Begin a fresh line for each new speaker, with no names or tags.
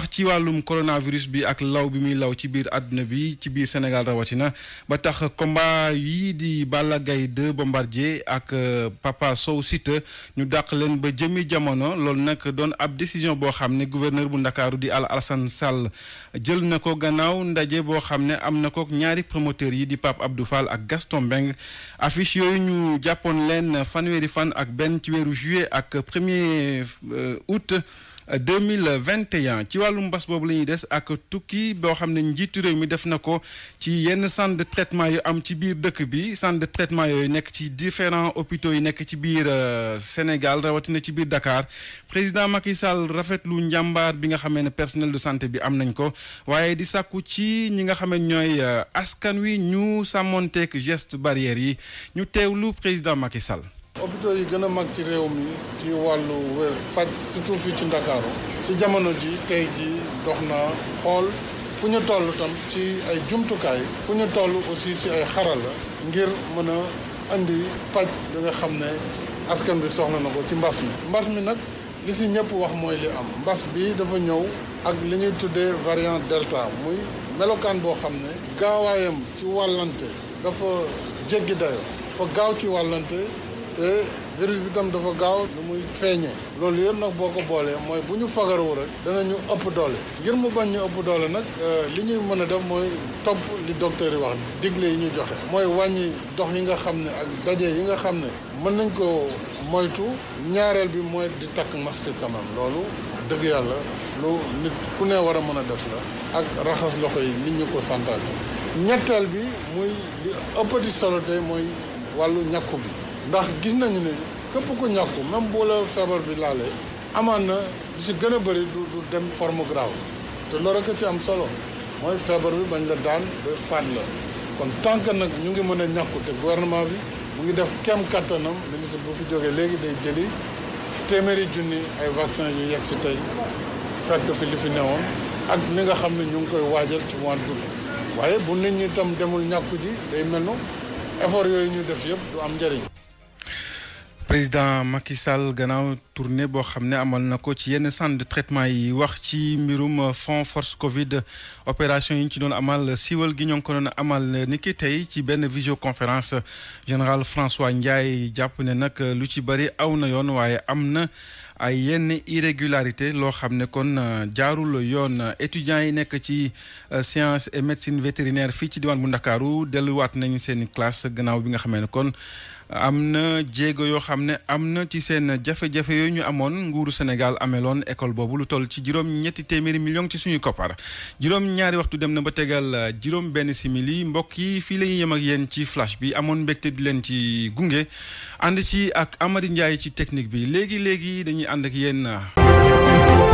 wax ci wàllum coronavirus bi ak law bi muy law ci biir àdduna bi ci biir Sénégal rawatina ba tax combat yi di Balla Gaye 2 Bombardier ak euh, Papa Sow Siteu ñu dàq leen ba jëmmi jamono loolu nag doon ab décision boo xam ne gouverneur bu Ndakaaru di Al Alassane Sall jël na ko gannaaw ndaje boo xam ne am na ko ñaari promoteurs yi di Pape Abdou Fall ak Gaston Mbengue affiche yooyu ñu jàppoon leen fanweeri fan ak benn ci weeru juillet ak premier euh, août deux mille vingt et ci wàllu mbas boobu la ñuy des ak tukki boo xam ne njiitu réew mi def na ko ci yenn centre traitement yu am ci biir dëkk bi centre traitement yooyu nekk ci différent hôpitaux yi nekk ci biir euh, Sénégal rawatina ci biir Dakar président Macky Sall rafetlu njàmbaar bi nga xamee ne personnel de santé bi am nañ ko waaye di sàkku ci ñi nga xam ne ñooy euh, askan wi ñu sàmmonteeg geste barrière yi ñu teewlu président Macky Sall.
hôpitaux yi gën a mag ci réew mi ci wàllu wér faj surtout fii ci Ndakaaru ci jamono ji tey ji dox na xool fu ñu toll tam ci ay jumtukaay fu ñu toll aussi ci ay xarala ngir mën a indi paj bi xam ne askan bi soxla na ko ci mbas mi mbas mi nag li si ñëpp wax mooy li am mbas bi dafa ñëw ak li ñuy tuddee variant delta muy melokaan boo xam ne gaawaayam ci wàllante dafa jéggi dayo fa gaaw ci wàllante te virus bi tam dafa gaaw nu muy feeñee loolu yëpp nag boo ko boolee mooy bu ñu fagaruwu rek danañu ëpp doole ngir mu bañ ñu ëpp doole nag euh, li ñuy mën a def mooy topp li docteur yi wax digle yi ñu joxe mooy wàññi dox yi nga xam ne ak daje yi nga xam ne mën nañ koo moytu ñaareel bi mooy di takk masque quand loolu dëgg yàlla lu nit ku ne war a mën a def la ak raxas loxo yi nit ñu ko santaane ñetteel bi muy li ëppati solo tey mooy wàllu ñàkku bi ndax gis nañu ne képp ku ñàkku même bu la feebar bi laale amaan na di si gën a bëri du dem forme grave te loolu rek ci am solo mooy feebar bi bañ la daan ba faat la kon tant que nag ñu ngi mën a ñàkku te gouvernement bi mu ngi def kem kattanam ministre bu fi jógee léegi day jëli téeméeri junni ay vaccin yu yegg si tey fekk fi li fi newoon ak li nga xam ne ñu ngi koy waajal ci mois d'août waaye bu nit ñi itam demul ñàkku ji day mel ni effort yooyu ñu def yëpp du am njëriñ.
président Macky Sall gannaaw tournée boo xam ne amal na ko ci yenn centre traitement yi wax ci mbirum fonds force Covid opération yi ñu ci doon amal siiwal gi ñoo ngi ko doon amal ni ki tey ci benn visioconférence général François Ndiaye jàpp ne nag lu ci bëri aw na yoon waaye am na ay yenn irrégularité loo xam ne kon jaarul yoon étudiants yi nekk ci euh, sciences et médecine vétérinaire fii ci diwaan bu Ndakaaru delluwaat nañu seen i classe gannaaw bi nga xamee ne kon. am na jéego yoo xam ne am na ci seen jafe-jafe yooyu ñu amoon nguuru Sénégal ameloon école boobu lu toll ci juróom ñetti téeméeri million ci suñu koppar juróom ñaari waxtu dem na ba tegal juróom benn simili mbokk yi fii la ñuy yem ak yéen ci flash bi amoon mbégte di leen ci gunge ànd ci ak amari Ndiaye ci technique bi léegi léegi dañuy ànd ak yéen.